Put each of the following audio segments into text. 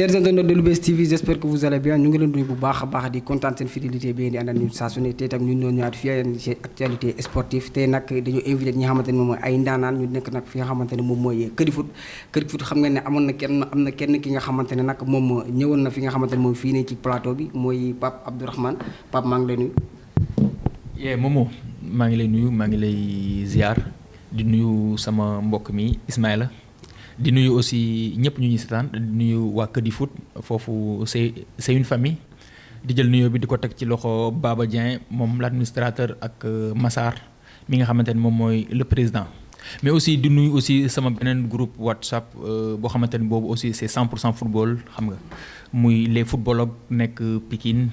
chers internautes de Lou'Bess TV j'espère que vous allez bien ñu ngi leen nuyu bu baax a baax di kontaan seen fidélité bi di ànd ak ñun saa su ne tey tam ñun ay ndaanaan ñu nekk nag fi nga xamante ne moom mooy këri foot këri foot xam nga ne amoon na kenn am na kenn ki nga xamante ne nag moom ñëwoon na fi nga xamante ne moom fii ne ci plateau bi mooy Pape Abdourahmane Pape maa ngi lay nuyu maa ngi lay nuyu maa ngi lay ziar di nuyu sama mbokk mi Ismaïla di nuyu aussi ñëpp ñu ñuy seetaan di nuyu waa Kër di foot foofu c'est c'est une famille di jël nuyoo bi di ko teg ci loxo Baba Dieng moom l'administrateur ak euh, Massar mi nga xamante ne moom mooy le président mais aussi di nuyu aussi sama beneen groupe WhatsApp euh, boo xamante ne boobu aussi c'est 100 pour cent football xam nga muy les footballogues nekk pikin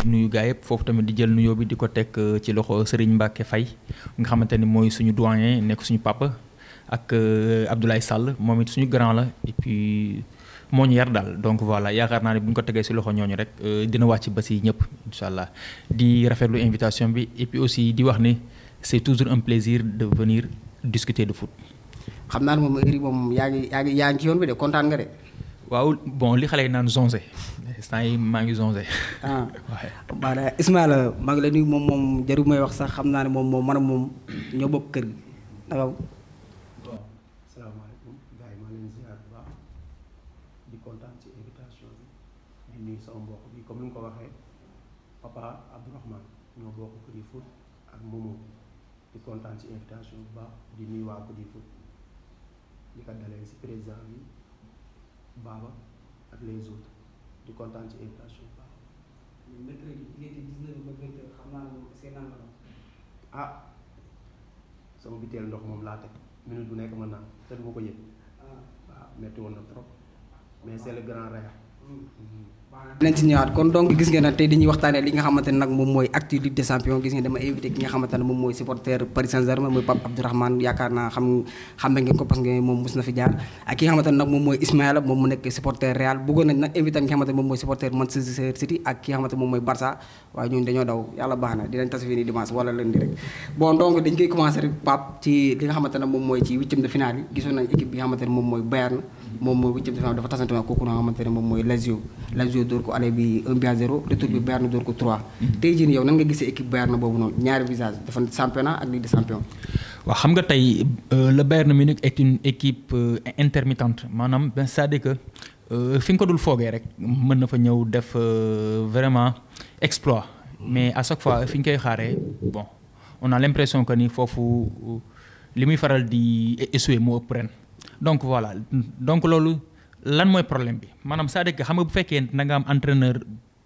di nuyu gaa yëpp foofu tamit di jël nuyoo bi di ko teg euh, ci loxo Serigne Mbacke Faye nga xamante ni mooy suñu doyen nekk suñu papa. ak euh, Abdoulaye Sall moom it suñu grand la et puis moo ñu yar daal donc voilà yaakaar naa ne bu ko tegee si loxo ñooñu rek euh, dina wàcc ba ci ñëpp incha allah di rafetlu invitation bi et puis aussi di wax ni c'est toujours un plaisir de venir discuter de foot. xam naa ne moom Eric moom yaa ngi yaa ngi ci yoon bi de kontaan nga de. waaw bon li xale yi naan zonzé instant yi maa ngi zonzé. ah maanaam Ismaïla maa ngi la nuyu moom moom jarul may wax sax xam naa ne moom moom man moom ñoo bokk kër gi Momo di kontaan ci invitation bu baax di nuyu waa ko di foot di ko dalee ci président bi Baba ak les autres di kontaan ci invitation bu baax. mercredi ah sama biteel ndox moom laa teg minute bu nekk ma naan te du ko yëg. Ah. waaw metti woon na trop mais c'est grand rêve. Mm. Mm-hmm. dinañ ci ñëwaat kon donc gis ngeen ne tey dañuy waxtaanee li nga xamante ne nag moom mooy actu Ligue des Champions gis ngeen dama invité ki nga xamante ne moom mooy supporter Paris Saint-Germain mooy Pape Abdourahmane yaakaar ki nga xamante nag moom mooy Ismaïla waaye ñun dañoo daw yàlla baax na dinañ tas fii nii dimanche wala lundi rek bon donc dañ koy commencé rek Pape ci li nga xamante ne moom mooy ci huitième de finale yi gisoon nañ équipe bi nga ne moom mooy Bayern moom mooy huitième de finale dafa tasante kooku moom mooy Lazio Lazio dóor ko aller bi 1 bi à 0 retour bi Bayern dóor ko 3 mhm. tey jii nii yow nan nga gisee équipe Bayern boobu noonu ñaari visage dafa championnat ak Ligue des champions waaw xam nga tey euh, le Bayern Munich est une équipe euh, intermittente maanaam cest à que euh, fi nga ko dul foogee rek mën na fa ñëw def vraiment exploit mais à chaque fois fi ñu koy xaaree bon on a l'impression que ni foofu li muy faral di échouer e-, moo ren donc voilà donc loolu lan mooy problème bi maanaam cest à xam nga bu fekkee na nga am entraîneur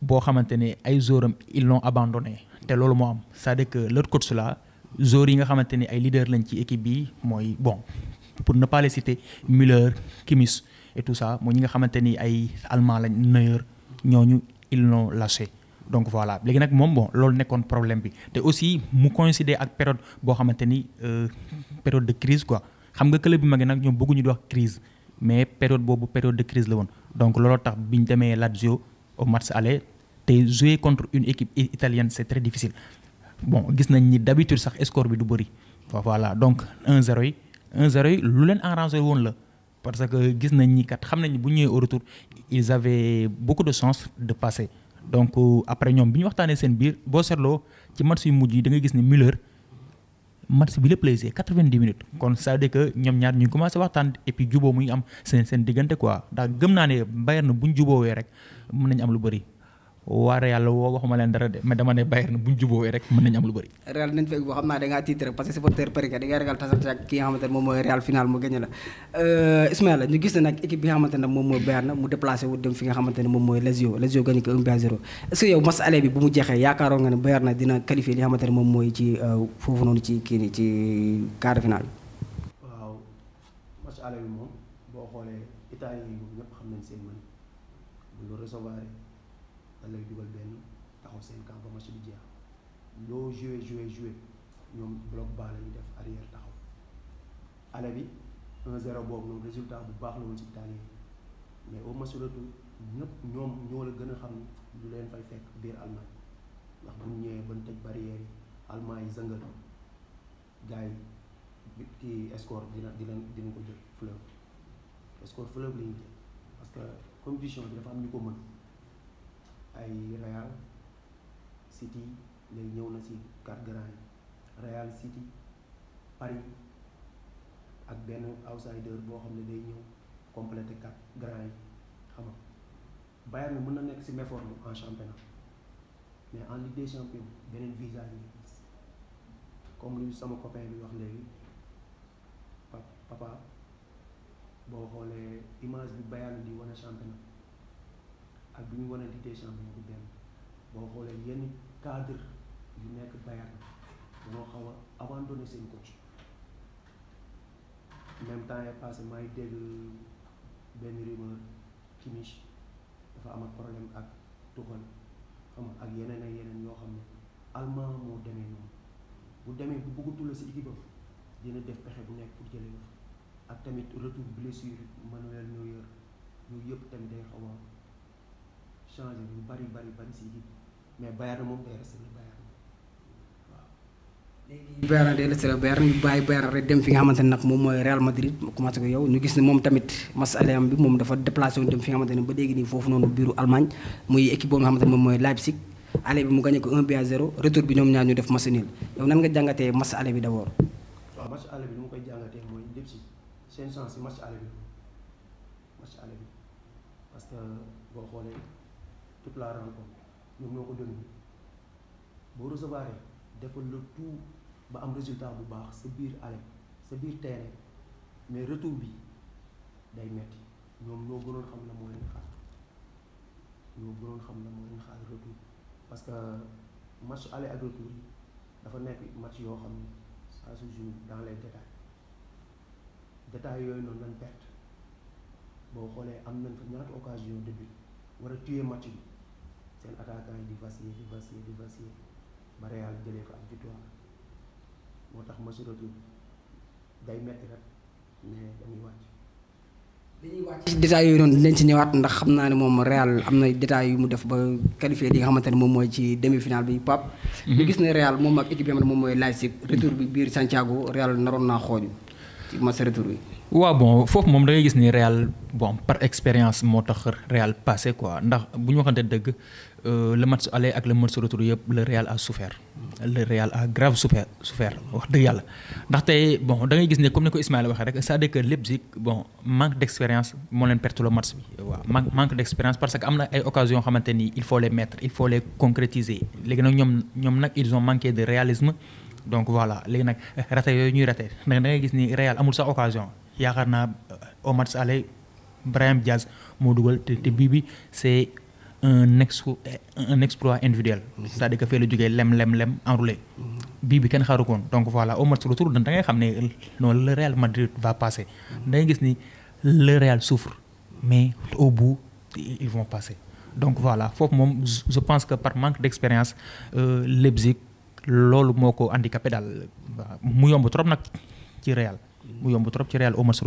boo xamante ne ay zoram ils l'ont abandonné te loolu moo am c'est-à-dire que leur coach là yi nga xamante ne ay leader lañ ci équipe bi mooy bon pour ne pas les citer et tout ça mooy ñi nga xamante ni ay allemand lañ Neuer ñooñu ils l'ont lâché donc voilà léegi nag moom bon loolu nekkoon problème bi te aussi mu coïncider ak période boo xamante ni euh, période de crise quoi xam nga club bi mag yi nag ñoom bëgguñu di wax crise mais période boobu période de crise la woon donc looloo tax bi ñu demee Lazio au match aller te jouer contre une équipe italienne c' est très difficile bon gis nañ ni d' habitude sax score bi du bëri voilà donc 1-0 yi 1-0 yi lu leen arrangé woon la parce que gis nañ ni kat xam nañ bu ñëwee au retour ils avaient beaucoup de chance de passer donc euh, après ñoom bi ñu waxtaanee seen biir boo seetloo ci match yu mujj yi da nga gis ni Müller match bi lépp lay see quatre vingt dix minutes kon ça veut dire que ñoom ñaar ñu commencé waxtaan et puis juboo muy am seen seen diggante quoi ndax gëm naa ne Bayern bu ñu wee rek mën nañ am lu bëri. waar yàlla woo waxuma leen dara de mais dama ne Bayern bu ñu jubóowee rek mën nañu am lu bëri. Real dinañ fa boo xam naa da ngaa tiit rek parce que supporter Paris da ngay ragal tasante ak ki xamante ne moom mooy Real final mu gagné la euh, Ismaïla ñu gis ne nag équipe bi xamante ne moom mooy Bayern mu déplacé wu dem fi nga xamante ne moom mooy Lazio Lazio gagné ko 1 à que yow match bi bu mu jeexee yaakaaroon nga ne Bayern dina qualifié dañ lay dugal benn taxaw seen camp ba match bi jeex loo joué joué joué ñoom bloc bas la ñu def arrière taxaw ale bi 1-0 boobu noonu résultat bu baax loolu ci italien mais au ma retour ñëpp ñoom ñoo la gën a xam lu leen fay fekk biir Allemagne ndax bu ñu ñëwee ba ñu tëj barrière yi Allemagne yi zëngal gars yi kii score dina dina dina ko jël fleuve score fleuve la ñu jël parce que compétition bi dafa am ñu ko mën. ay Real City léegi ñëw na ci quatre grands yi Real City Paris ak benn outsider boo xam ne day ñëw complété quatre grands yi xam nga Bayern mën na nekk ci méforme en championnat mais en Ligue des champions beneen visage yi comme lu sama copain bi wax léegi papa boo xoolee image bi Bayern li wane championnat ak bi ñu wane di Deschamps bi ñu du benn boo xoolee yenn cadre yu nekk Bayern dañoo xaw a abandonné seen coach même temps est passé maa ngi dégg benn rumeur Kimmich dafa am ak problème ak Tuchel xam ak yeneen ak yeneen yoo xam ne allemand moo demee noonu bu demee bu bëggatul la si équipe am dina def pexe bu nekk pour jëlee ak tamit retour blessure Manuel Neuer yooyu yëpp tamit day xaw changé lu bari bari bari si équipe mais Bayern moom day resté Bayern waaw. léegi fi nga xamante ne nag moom mooy Real Madrid mu commencé yow ñu gis ne moom tamit match aller bi moom dafa déplacé wu ba léegi nii foofu noonu biiru Allemagne muy équipe boobu nga xamante mooy Leipzig aller bi mu gagné ko 1 bi à 0 retour bi ñoom ñaar ñu def match nul yow nan nga jàngatee match aller bi d' match aller bi ni ma koy jàngatee mooy lépp si seen chance si match aller bi match aller bi parce que boo xoolee. toute la rencontre moom ñoo ko déroulé boo recevoir defal la tout ba am résultat bu baax sa biir ale sa biir terrain mais retour bi day metti ñoom ñoo gënoon xam na moo leen xaar ñoo gënoon xam na moo leen xaar retour parce que match aller ak yi dafa nekk match yoo xam ne ça su joue dans lay détails détails yooyu noonu lañ perte boo xoolee am nañ fa ñaata occasion de but war a tuer match bi seen attaquant yi di vaciller di vaciller di vaciller ba Real jëlee fa ab victoire moo tax match retour day metti rek mais dañuy wàcc. dañuy ci détails yooyu noonu dinañ ci ñëwaat ndax xam naa ne moom Real am na détails yu mu def ba qualifié li nga xamante moom mooy ci demi-finale bi Pape. ñu mhm. gis ne Real moom ak équipe yi nga xam ne moom mooy Leipzig retour bi biir Santiago Real naroon naa xooju. ci bon foofu moom da ngay gis ni réal bon par expérience moo tax Real passé quoi ndax bu ñu waxante dëgg la euh, le match aller ak le match retour yëpp le Real a souffert le Real a grave souffert souffert wax dëgg yàlla ndax tey bon da ngay gis ne comme ni ko Ismaël waxee rek c'est-à-dire que Leipzig bon manque d'expérience moo leen perte le match bi waaw manque d'expérience parce que am na ay occasion xamante ni il faut les mettre il faut les concrétiser léegi nag ñoom ñoom nag ils ont donc voilà léegi nag raté yooyu ñuy rate ndax da ngay gis ni Real amul sax occasion yaakaar naa euh, au match aller Brahim moo dugal te bii bi c'est un ex un exploit individuel. cest à fee la jógee lem lem lem enroulé. bii bi kenn xaaru koon donc voilà au match retour da ngay xam ne non le Real Madrid va passer. da gis ni le Real souffre mais au bout ils vont passer donc voilà foofu moom je pense que par manque d'expérience euh, Leipzig. loolu moo ko handicapé daal mu yomb trop nag ci Real mu yomb trop ci Real au match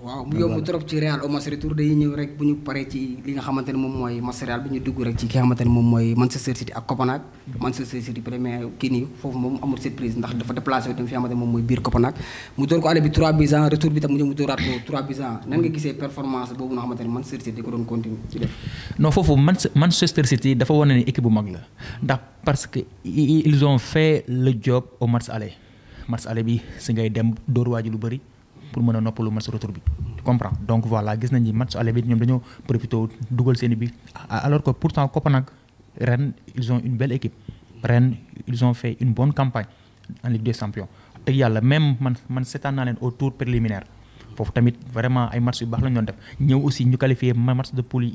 waaw mu yomb trop ci Real au match retour ñëw rek bu ñu paree ci li nga xamante moom mooy match Real bi ñu dugg rek ci ki nga xamante ne moom mooy Manchester City ak Copenhague Manchester City premier kii nii foofu moom amul surprise ndax dafa déplacé wu tam fi nga xamante ne moom mooy biir Copenhague mu door ko aller bi 3 buts bi tam Manchester City ko doon continuer ci def bu mag la ndax parce que ils ont fait le job au match aller match bi si ngay dem dóor waaji lu bëri pour mën a noppalu match retour bi tu comprends donc voilà gis nañ ni match aller bi ñoom dañoo profité dugal seen bi alors que pourtant Copenhague ren ils ont une belle équipe ren ils ont fait une bonne campagne en Ligue des Champions teg yàlla même man man naa leen au préliminaire foofu tamit vraiment ay match yu baax lañ def ñëw aussi ñu qualifié match de poule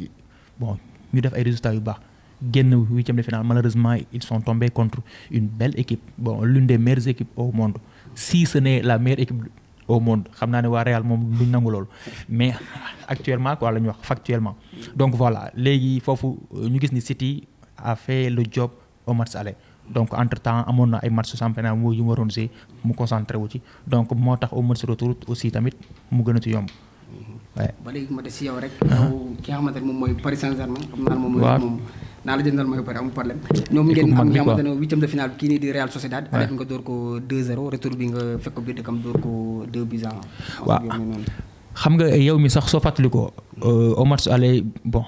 bon ñu def ay résultats yu baax génn huitième de finale malheureusement ils sont au monde xam naa ne waa Real moom duñ nangu loolu mais actuellement quoi la ñuy wax factuellement. donc voilà léegi foofu euh, ñu gis ni City a fait le job au match donc entre temps amoon na ay match championnat yu mu waroon si mu concentré wu ci donc moo tax au match retour aussi tamit mu gën a ci yomb. ba léegi ma des si yow rek. Uh-huh. yow ki nga xamante moom mooy Paris Saint-Germain xam naa moom mooy naa la mooy pare am nga xamante ne bi ko 2 bi ko biir xam nga yow mi sax soo fàttalikoo euh, au match aller bon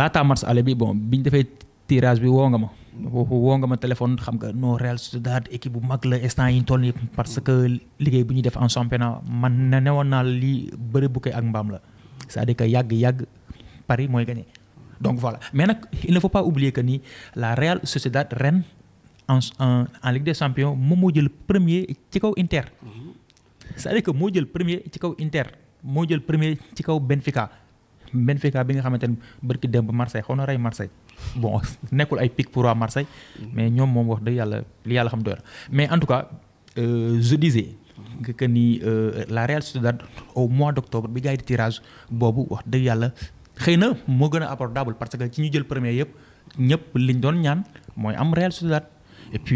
laata match aller bi bon biñ defee tirage bi woo nga ma woo nga ma téléphone xam nga no Real Sociedad équipe bu mag la instant yi ñu toll nii parce que liggéey bu ñuy def en championnat man na newoon naa lii bëri bu koy ak mbaam la c'est-à-dire que yàgg-yàgg Paris mooy gagné donc voilà mais nag il ne faut pas oublier que nii la Real Sociedad ren en en en Ligue des Champions moom moo jël premier ci kaw Inter mhm. cest à que moo jël premier ci kaw Inter moo jël premier ci kaw Benfica Benfica bi nga xamante ni barki démb Marseille xaw na rey Marseille bon nekkul ay pic pour waa Marseille mais ñoom moom wax dëgg yàlla li yàlla xam doy na mais en tout cas euh, je que ni euh, la Real Sociedad au mois d' octobre bi gars yi di tirage boobu wax dëgg yàlla xëy na moo gën a abordable parce que ci ñu jël premier yëpp ñëpp liñ doon ñaan mooy am Real Sociedad et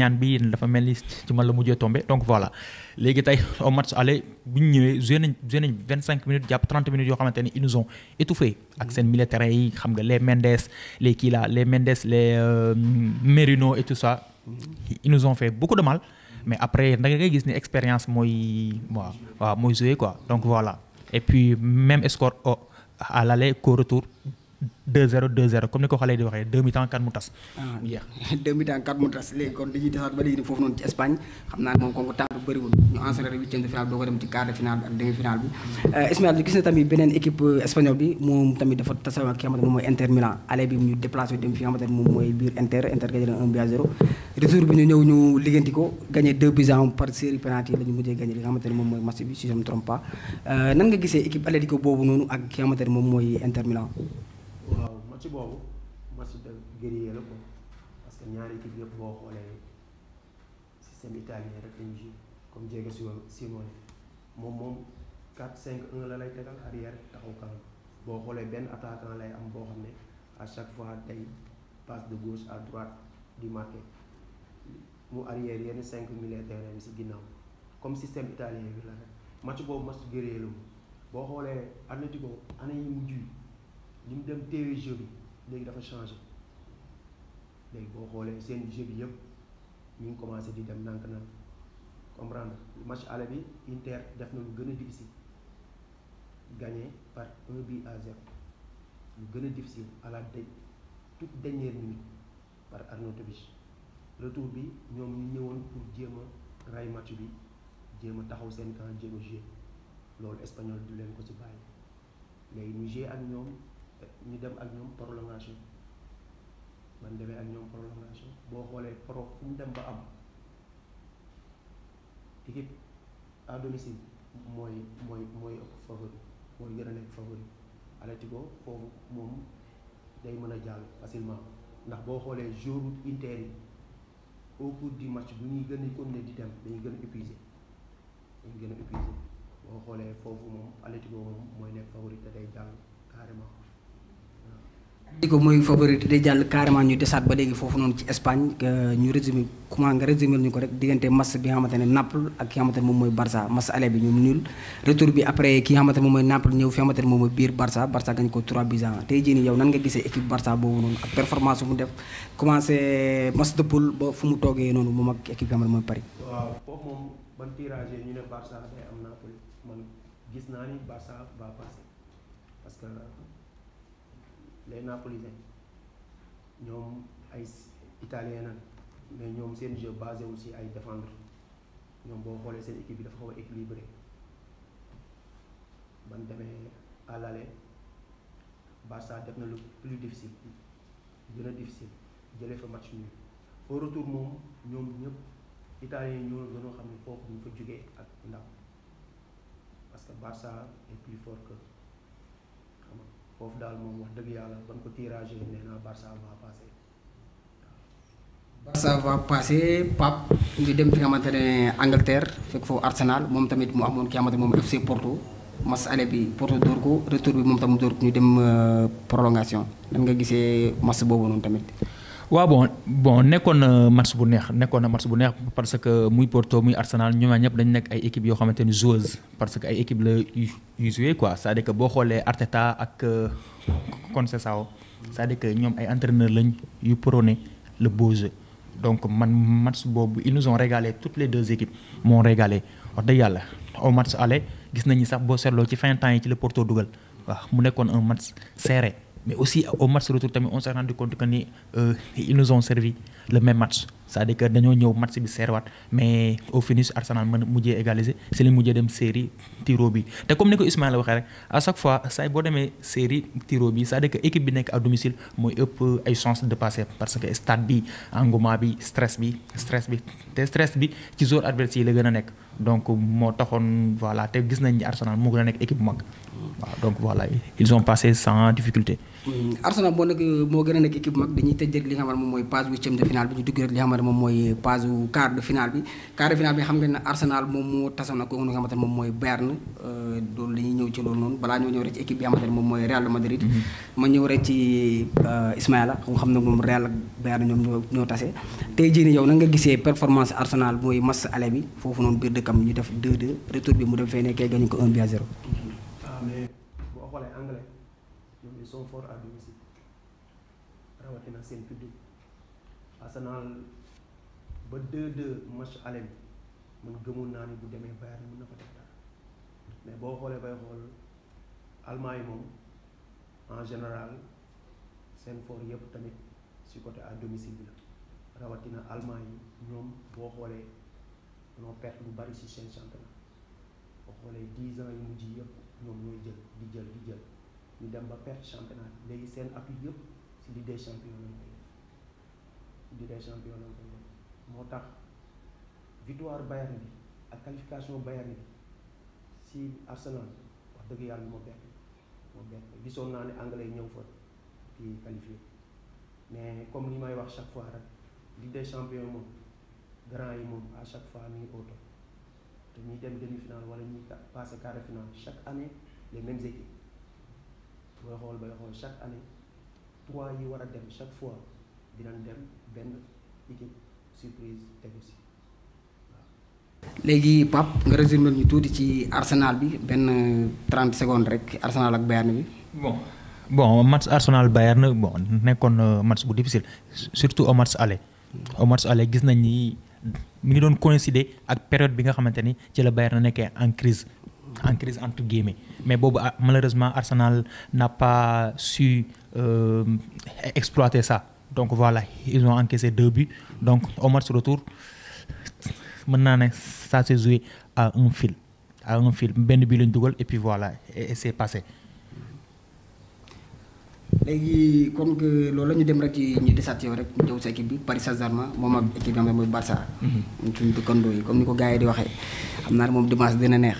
ñaan bi dafa mel ni ci man la mujjee tombé donc voilà léegi tey au match aller bu ñu ñëwee joué nañ nañ vingt cinq minutes jàpp trente minutes yoo xamante ne ils nous ont étouffé ak seen militaires xam nga les Mendes les kii là les Mendes les euh, Merino et tout ça ils nous ont fait beaucoup de mal mais après da ngay gis ni expérience mooy waaw waaw mooy joué quoi donc voilà et puis même score à l'aller qu'au deux zéro deux zéro comme ni ko xale di waxee deux mi-temps mu tas. ah kon dañuy ba léegi foofu noonu ci Espagne xam naa ne moom kooku temps bi bëriwul ñu enchaîner huitième de finale doo ko dem ci quart de finale bi euh, ak gis na tamit beneen équipe euh, espagnole bi moom tamit dafa tasawa ak ki nga moom mooy Inter Milan aller bi ñu déplacé dem fi moom mooy biir Inter Inter gagné na 1 but à bi ñu ñëw ñu ligganti ko gagné 2 buts à 1 par série match boobu match de guerrier la ko parce que ñaari équipe yëpp boo xoolee système italien rek lañu joué comme Diego Simeone moom moom 4 cinq 1 la lay tegal arrière taxaw kanam boo xoolee benn attaquant lay am boo xam ne à chaque fois day passe de gauche à droite di marqué mu arrière yenn cinq milieu terrain bi si ginnaaw comme système italien bi la rek match boobu match guerrier la boo xoolee Atlético année yi mujj dem téye jeu bi léegi dafa changé léegi boo xoolee seen jeu bi yëpp ñu ngi commencé di dem nànk-nànk comprendre match aller bi Inter def na lu gën a difficile gagné par un but à zéro lu gën a difficile à la de toute dernière minute par Arnautovic retour bi ñoom ñu ñëwoon pour jéem a ray match bi jéem a taxaw seen camp jéem a jouer loolu espagnol du leen ko ci bàyyi léegi ñu jouer ak ñoom. ñu dem ak ñoom prolongation man demee ak ñoom prolongation boo xoolee poro fu ñu dem ba am équipe à domicile mooy mooy mooy ëpp favori mooy gën a nekk favori Atlético foofu moom day mën a jàll facilement ndax boo xoolee jour Inter yi au cours du match bu ñuy gën a continuer di dem dañuy gën a épuisé dañuy gën a épuisé boo xoolee foofu moom Atlético moom mooy nekk favori te day jàll carrément di ko mooy favorite day jàll carrément ñu desaat ba léegi foofu noonu ci Espagne euh, ñu résumé comment nga résumé ñu ko rek diggante match bi nga Naples ak ki nga moom mooy Barça match aller bi ñoom nul retour bi après ki nga moom mooy Naples ñëw fi nga moom mooy biir Barça Barça gañ ko 3 buts à 1 tey jii nan nga gisee équipe Barça boobu noonu ak performance bu mu def commencé euh, match de poule ba fu mu toogee noonu les napolitains ñoom ay italien na mais ñoom seen jeu basé aussi ay défendre ñoom boo xoolee seen équipe bi dafa xaw a équilibré ban demee à l'aller Barça def na lu plus difficile gën a difficile jëlee fa match nul au retour moom ñoom ñëpp italien ñoo gënoo xam ne foofu bu ñu fa jógee ak ndam parce que Barça est plus fort foofu daal moom wax dëgg yàlla ban ko tirage nee naa Barça va passer. Barça va passer Pape ñu dem fi nga xamante ne Angleterre fekk foofu Arsenal moom tamit mu amoon ki nga xamante moom FC Porto match aller bi Porto dóor ko retour bi moom tam mu dóor ñu dem euh, prolongation nan nga gisee match boobu noonu tamit. waaw bon bon nekkoon na match bu neex nekkoon na match bu neex parce que muy Porto muy Arsenal ñoom ñëpp dañ nekk ay équipes yoo xamante ni joueuse parce que ay équipe la yu joué quoi c'est-à-dire que boo xoolee Arteta ak euh, Conceição c'est-à-dire que ñoom ay entraîneur lañ yu prôné le beau jeu donc man match boobu ils nous ont toutes les deux équipes m'ont régalé wax dëgg yàlla au match aller gis nañu sax boo seetloo ci fin temps yi ci la Porto dugal waaw mu nekkoon un match serré. mais aussi au match retour tamit on s'est rendu compte que ni euh, ils nous ont servi le même match c'est-à-dire que dañoo ñëw match bi seerwaat mais au finish Arsenal mën mujjee égaliser si mujjee dem série tiro bi te comme ni ko la waxee rek à chaque fois saa boo demee série tiro bi c'est-à-dire équipe bi nekk à domicile mooy ëpp ay chance de passer parce que stade bi engouement bi stress bi stress bi te stress bi ci zone adverse la gën a nekk donc moo taxoon voilà te gis nañ ni Arsenal moo gën a nekk équipe mag. waaw donc voilà ils ont passé sans difficulté. Mm, Arsenal moo nekk moo gën a nekk équipe mag dañuy tëj li nga moom mooy phase huitième de finale bi ñu nga ne moom Arsenal moom moo tasoon ak nga xamante moom mooy Bayern euh, loolu la ñëw ci loolu noonu balaa ñoo ñëw rek ci équipe bi xamante moom mooy Real Madrid. Mm-hmm. ma ñëw rek ci euh, Ismaïla xam ne moom Real ak Bayern ñoom kam ñu def 2-2 retour bi mu def fee nekkee gagné ko 1 bi à ah, mais boo xoolee anglais ñoom ils sont forts à domicile rawatina seen public Arsenal ba 2-2 match aller bi man gëmoon naa ni bu demee Bayern mën na fa def dara mais boo xoolee bay xool yi moom en général seen fort yëpp tamit si côté à domicile bi la rawatina Allemagne ñoom boo xoolee. ñoo perte lu bari si seen championnat boo xoolee dix ans yu ji yëpp ñoom ñooy jël di jël di jël ñu dem ba perte championnat léegi seen appui yëpp ci Ligue des champions lañ koy def Ligue des moo tax victoire Bayern bi ak qualification Bayern bi ci Arsenal wax dëgg yàlla moo bett moo bett gisoon naa ne anglais ñëw fa kii qualifié mais comme li may wax chaque fois rek Ligue des champions moom. grand yi moom à chaque fois mi ngi te ñuy dem demi-finale wala ñuy passé quart de finale chaque année les mêmes équipes booy xool bay xool chaque année trois yi war a dem chaque fois dinañ dem benn équipe surprise tegu si léegi Pape nga résumé ñu tuuti ci Arsenal bi benn 30 secondes rek Arsenal ak Bayern bi. bon bon match Arsenal Bayern bon nekkoon euh, match bu difficile surtout au match aller au gis nañ mi ngi doon coïncider ak période bi nga xamante ni ci la Bayern na nekkee en crise en crise entre guillemets mais boobu ah, malheureusement Arsenal n'a pas su euh, exploiter sa donc voilà ils ont encaissé deux donc au match retour mën naa ne ça s'est joué à un fil à un fil benn bii lañ dugal et puis voilà et, et c'est léegi comme que loolu la ñu dem rek ci ñu desaat yow rek ñëw sa équipe bi Paris sa germain moom ak équipe bi mooy Barça. Mhm. suñu dëkkandoo yi comme ni ko gars yi di waxee. xam naa ne moom dimanche dina neex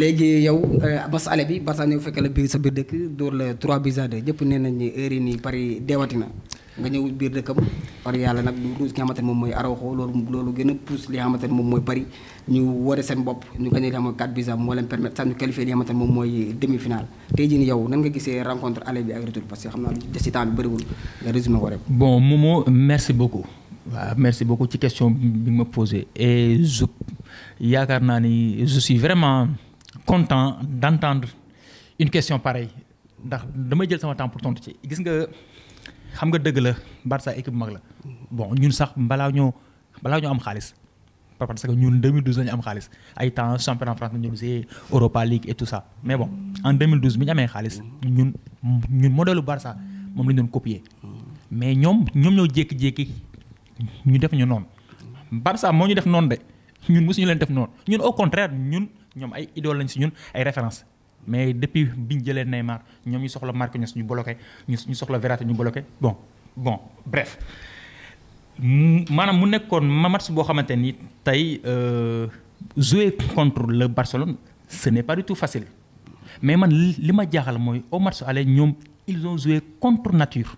léegi yow euh, mas ale bi Barça ñëw fekk la biir sa biir dëkk dóor la 3 buts à 2 ñëpp nee nañ ni heure yi nii Paris deewati na. nga ñëw biir dëkkam far yàlla nag lu ruus ki nga xamante ne moom mooy Araujo loolu loolu gën a li nga moom mooy Paris ñu ware seen bopp ñu gagné li li nga moom mooy demi finale tey jii nii nan nga gisee rencontre aller bi ak retour parce que xam naa lu des ci temps bi nga résumé ko bon Momo merci beaucoup. waaw merci beaucoup ci question bi ma posé et je yaakaar naa ni je suis content d'entendre une question pareille ndax dama jël sama xam nga dëgg la Barça équipe mag la bon ñun sax balaa ñoo balaa ñoo am xaalis parce que ñun 2012 la ñu am xaalis ay temps championnat France ñu gisee Europa League et tout ça mais bon en 2012 bi ñu amee xaalis ñun ñun modèle Barça moom la ñu doon copier mais ñoom ñoom ñoo jékki-jékki ñu def ñu noonu Barça moo ñu def noonu de ñun mosuñu leen def noonu ñun au contraire ñun ñoom ay idole lañ si ñun ay référence mais depuis bi ñu jëlee Neymar ñoom ñu soxla Marquinhos ñu bloqué ñu ñu soxla Verratti ñu bloqué bon bon bref maanaam mu nekkoon ma match boo xamante ni tey euh, jouer contre le Barcelone ce n'est pas du tout facile mais man li ma jaaxal mooy au match aller ñoom ils ont joué contre nature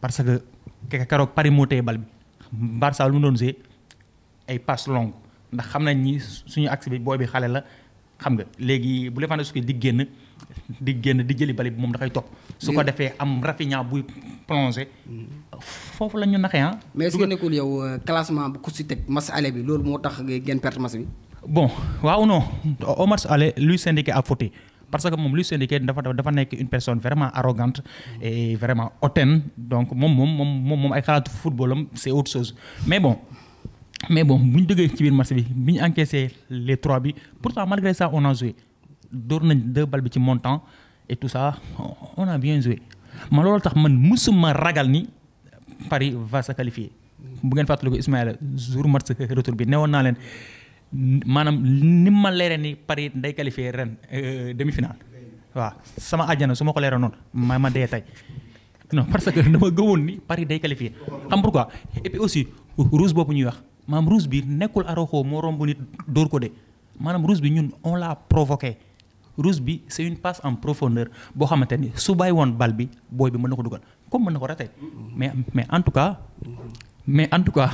parce que keroog Paris moo téye bal bi Barça mu doon ay passes longues ndax xam nañ ni suñu axe bi booy bi xale la. xam nga léegi bu Lewandowski di génn di génn di jëli bale bi moom dafay topp. su ko mm. defee am Rafinha buy plongé. Mm. foofu la ñu naxee ah. mais su ce que nekkul yow euh, classement bu ku si teg match aller bi loolu moo tax ngeen perte match bi. bon waaw non au match aller lui syndiqué a fauté parce que moom lui syndiqué dafa dafa nekk une personne vraiment arrogante mm. et vraiment hautaine donc moom moom moom moom ay xalaatu footballam c'est autre chose mais bon. mais bon bu ñu duggee ci biir match bi bi ñu encaissé les trois bi pourtant malgré ça on a joué door nañ deux balles bi ci montant et tout ça on a bien joué ma loolu tax man musuma ragal ni Paris va se qualifier bu ngeen fàttaliku Ismaïla jour match retour bi newoon naa leen maanaam ni ma leeree ni Paris day qualifier ren euh, demi-finale waa sama àjjana su ma ko leeree noonu ma ma dee tey non que dama gëwoon ni Paris day qualifier xam pourquoi et puis boobu ñuy wax. maam ruse bi nekkul Araujo moo romb nit dóor ko de maanaam ruse bi ñun on l'a provoqué ruse bi c' est une passe en profondeur boo xamante ni su bàyyi woon bal bi booy bi mën na ko dugal comme mën na ko raté mais mais en tout cas. mais en tout cas.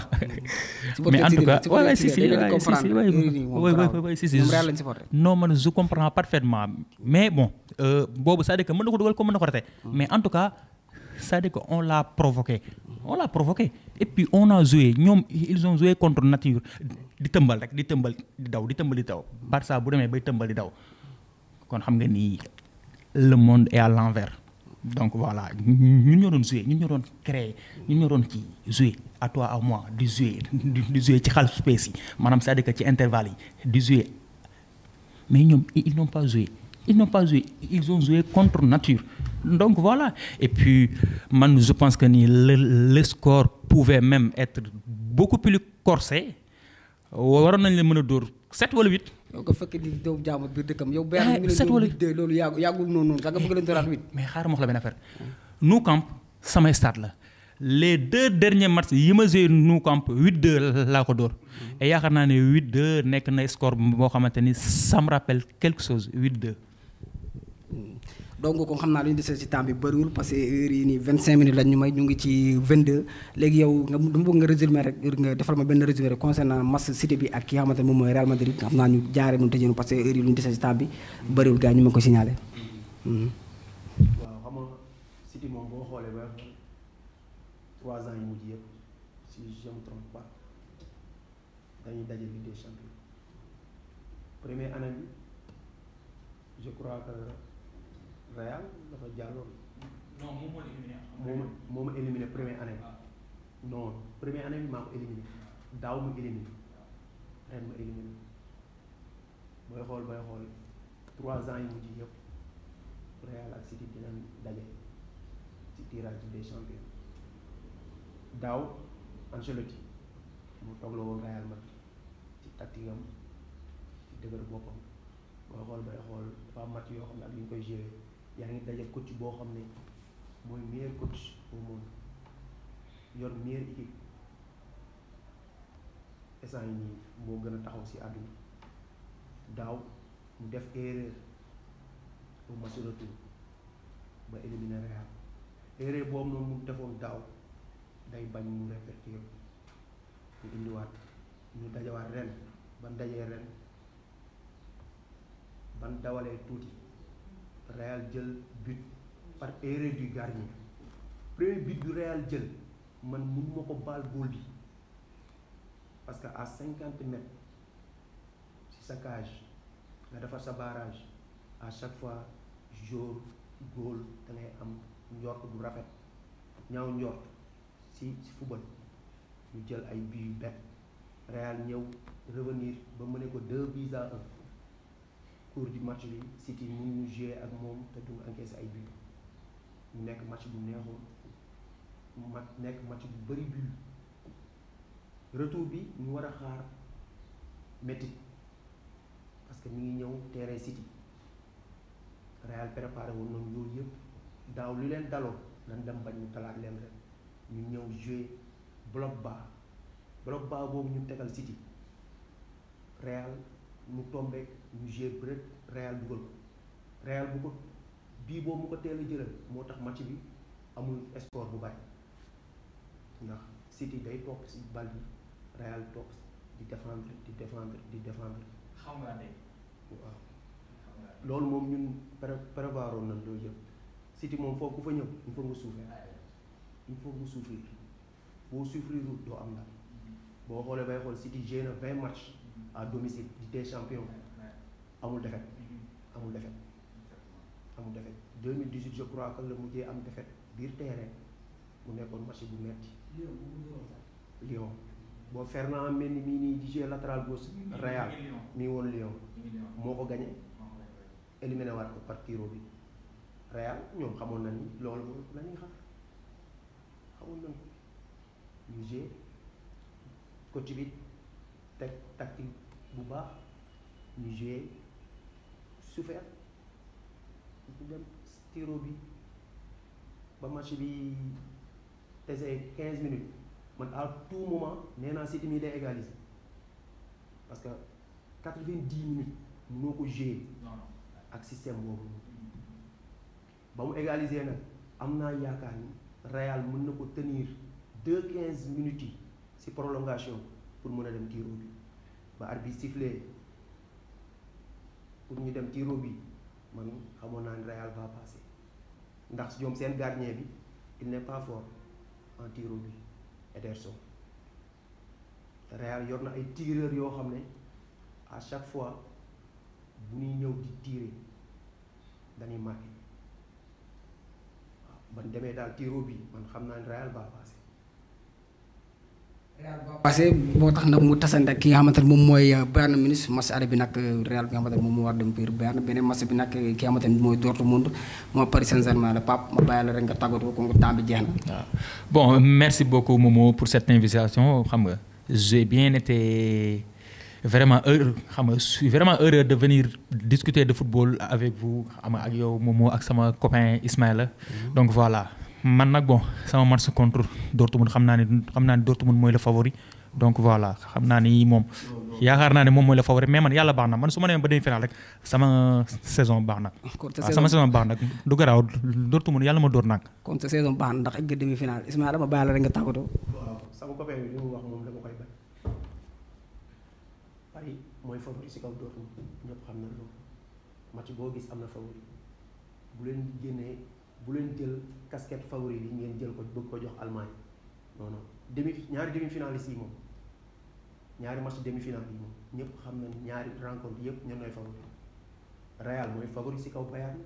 mais en tout cas waay si si waay si si waay si si non man mais bon euh, boobu cest mën na ko dugal comme mën na ko raté mm. mais en tout cas cest à on l'a provoqué on l'a provoqué et puis on a joué ñoom ils ont joué contre nature di tëmbal rek di tëmbal di daw di tëmbal di daw Barça bu demee bay tëmbal di daw kon xam nga ni le monde est à l'envers donc voilà ñu ñoroon doon ñu ñun ñoo doon créé ñun ñoo doon ci joué à toi à moi di joué di joué ci xal space yi maanaam cest ci intervalle yi di joué mais ñoom ils n'ont pas joué ils n'ont pas joué ils ont joué contre nature donc voilà et puis man je pense que ni le, le score pouvait même être beaucoup plus corsé waroon nañ la mën a dóor sept wala huit. yow nga fekk di doomu jaamu biir dëkkam yow. Eh, sept wala huit loolu yàggul yàggul noonu noonu sax nga bëgg leen dóoraat huit. mais xaaral ma wax la benn affaire Nou Camp samay stade la les deux derniers matchs yi ma joué Nou Camp huit deux laa ko dóor. et yaakaar naa ne huit deux nekk na score boo xamante ni ça me rappelle quelque deux. donc kon xam naa lu ñu desee ci temps bi bëriwul parce que heure yi nii 25 minutes lañ ñu may ñu ngi ci 22 léegi yow nga dama bëgg nga résumé rek nga defal ma benn résumé rek concernant match City bi ak ki nga xamante ne moom mooy Real Madrid xam naa ñu jaaree noonu tëjee parce que heure yi lu ñu desee ci temps bi ñu ma ko signalé. Mhm. waaw xam nga City moom xoolee ba 3 ans yu mujj yëpp si je ne me Real dafa jàlloon. non moom moo éliminé. ma éliminé première année bi. Ah. non première année bi maa ko éliminé. daaw mu éliminé. ren ma éliminé. booy xool booy xool trois ans yi mujj yëpp Real ak City dinañ daje ci tirage des champions. daaw Ancelotti mu toog la woon Real Madrid ci tactique am ci dëgër boppam booy xool booy xool dafa am yoo xam ne ak li ñu koy gérer. yaa ngi daje coach boo xam ne mooy meilleur coach au monde yor meilleure équipe essence yi nii moo gën a taxaw si àdduna daaw mu def erreur au match retour ba éliminer Real erreur boobu noonu mu defoon daaw day bañ mu répercuté ñu indiwaat ñu dajawaat ren ban dajee ren ban dawalee tuuti. Real jël but par erreur du gardien premier but du Real jël man mun ma ko baal góol bi parce que à cinquante mètres si sa cage nga defar sa barrage à chaque fois jour góol dangay am njort bu rafet ñaaw njort si ci football ñu jël ay but yu bett Real ñëw revenir ba mu ne ko deux buts à cours du match bi City mun ñu jouer ak moom te duñ encaissé ay but mu nekk match bu neexoon ma nekk match bu bëri but retour bi ñu war a xaar métti parce que mi ngi ñëw teere City Real préparé woon noonu yooyu yëpp daaw li leen daloo nan dem bañ ñu talaat leen rek ñu ñëw jouer bloc ba bloc bas boobu ñu tegal City Real mu tombé. ñu joué bëre Real dugal ko Real bu ko bii boobu mu ko teel jëlal moo tax match bi amul sport bu bari ndax City day topp si bal bi Real topp di défendre di défendre di défendre. xam nga ne. waaw moom ñun pré prévoir nañ loolu yëpp moom foofu ku fa ñëw il faut nga souffrir il boo souffrir doo am la mm-hmm. boo xoolee bay xool City génn vingt match mm-hmm. à domicile di des champions. Mhm. amul defet amul defet amul defet 2018 je crois que la mujjee am defet biir terrain mu nekkoon match bu metti Lyon boo Fernand Mendy mii nii di jouer latéral gauche mi woon Lyon moo ko gagné éliminé ko par bi Real ñoom xamoon na ni loolu la ñuy xamoon nañ ko ñu jouer coach bi bu baax ñu souffert ñu dem tiro bi ba match bi te tesee quinze minutes man à tout moment nee naa City mi day égaliser parce que quatre-vingt-dix minutes mënoo ko jouer ak système boobu ba mu égaliser nag am naa yaakaar ni Real mën na ko tenir deux quinze minutes yi ci prolongation pour mën a dem tiro bi ba arbitre sifflé pour ñu dem ci robi man xamoon naa ne Real va passer ndax ñoom seen gardien bi il n'est pas fort en tir au but Ederson te Real yor na ay tireurs yoo xam ne à chaque fois bu ñuy ñëw di tirer dañuy marqué waaw man demee daal tir au but man xam naa ne Real va passer passé moo tax nag mu tasante ak ki nga xamante ne moom mooy euh, Bayern Munich match aller bi nag euh, Real bi nga xamante ne moom moo war dem biir euh, mooy Dortmund mooy Paris Saint-Germain la Pape ma bàyyi la rek nga tàggatoo ko nga temps jeex na. waaw ah. bon merci beaucoup Momo pour cette invitation xam nga j'ai bien été vraiment heureux xam nga je vraiment heureux de venir discuter de football avec vous xam nga ak yow moo ak sama copin copain la mm-hmm. donc voilà. man nag bon sama match contre Dortmund xam naa ne xam naa ne Dortmund mooy la favori donc voilà xam naa ni moom yaakaar naa ne moom mooy la favori mais man yàlla baax na man su ma demee ba demi-finale rek sama saison baax na. sama saison baax na du garaaw Dortmund yàlla ma door naag. kon sa saison baax na ndax egg demi-finale Ismaïla dama bàyyi la rek nga tàggatoo. waaw sama copain bi li mu wax si kaw Dortmund ñëpp xam na loolu match boo gis am na favori bu leen jël casquette favori bi ngeen jël ko bëgg ko jox Allemagne non non demi ñaari demi finaliste yi moom ñaari match demi finale yi moom ñëpp xam nañ ñaari rencontre yëpp ñan nooy favori Real mooy favori si kaw Bayern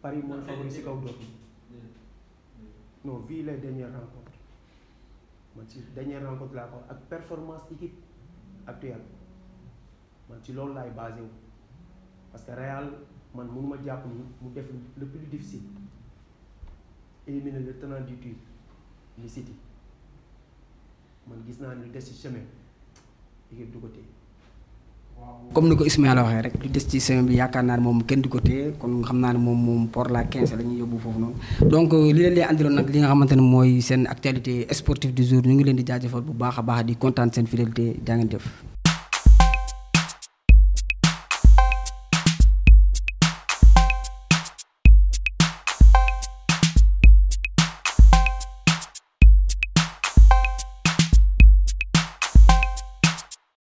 Paris mooy favori si kaw Dortmund non vu les dernières rencontres man ci dernière rencontre laa ko ak performance équipe actuelle man ci loolu laay basé wu parce man mënuma jàpp ni mu def le plus le tenant du gis naa ni lu des ci chemin équipe du ko comme ni ko a waxee rek lu des ci semaine bi yaakaar naa ne moom kenn du ko téye kon xam naa ne moom moom port la 15 la ñuy yóbbu foofu noonu donc euh, li leen di andiloon nag li nga xamante ne mooy seen actualité sportive du jour ñu ngi leen di jaajëfal bu baax a baax di kontaan seen fidélité jaa ngeen jëf.